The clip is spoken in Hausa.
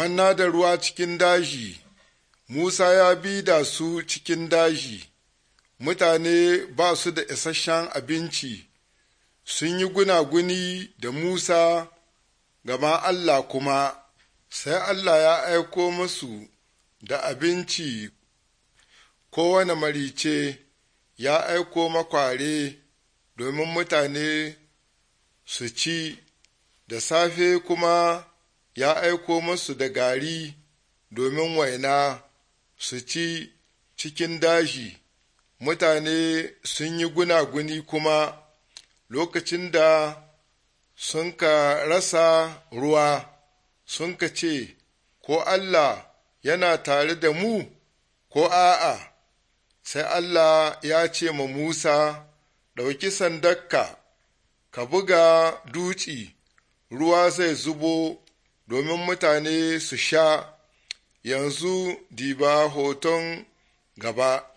manna da ruwa cikin daji, Musa ya bi da su cikin daji, mutane ba su da isasshen abinci, sun yi gunaguni da Musa, gama Allah kuma, sai Allah ya aiko musu da abinci kowane marice ya aiko makware domin mutane su ci da safe kuma ya aiko masu da gari domin waina su ci cikin daji mutane sun yi gunaguni kuma lokacin da sun ka rasa ruwa sun ka ce ko Allah yana tare da mu ko a'a sai Allah ya ce ma Musa ɗauki sandakka ka buga duci ruwa zai zubo domin mutane su sha yanzu diba hoton gaba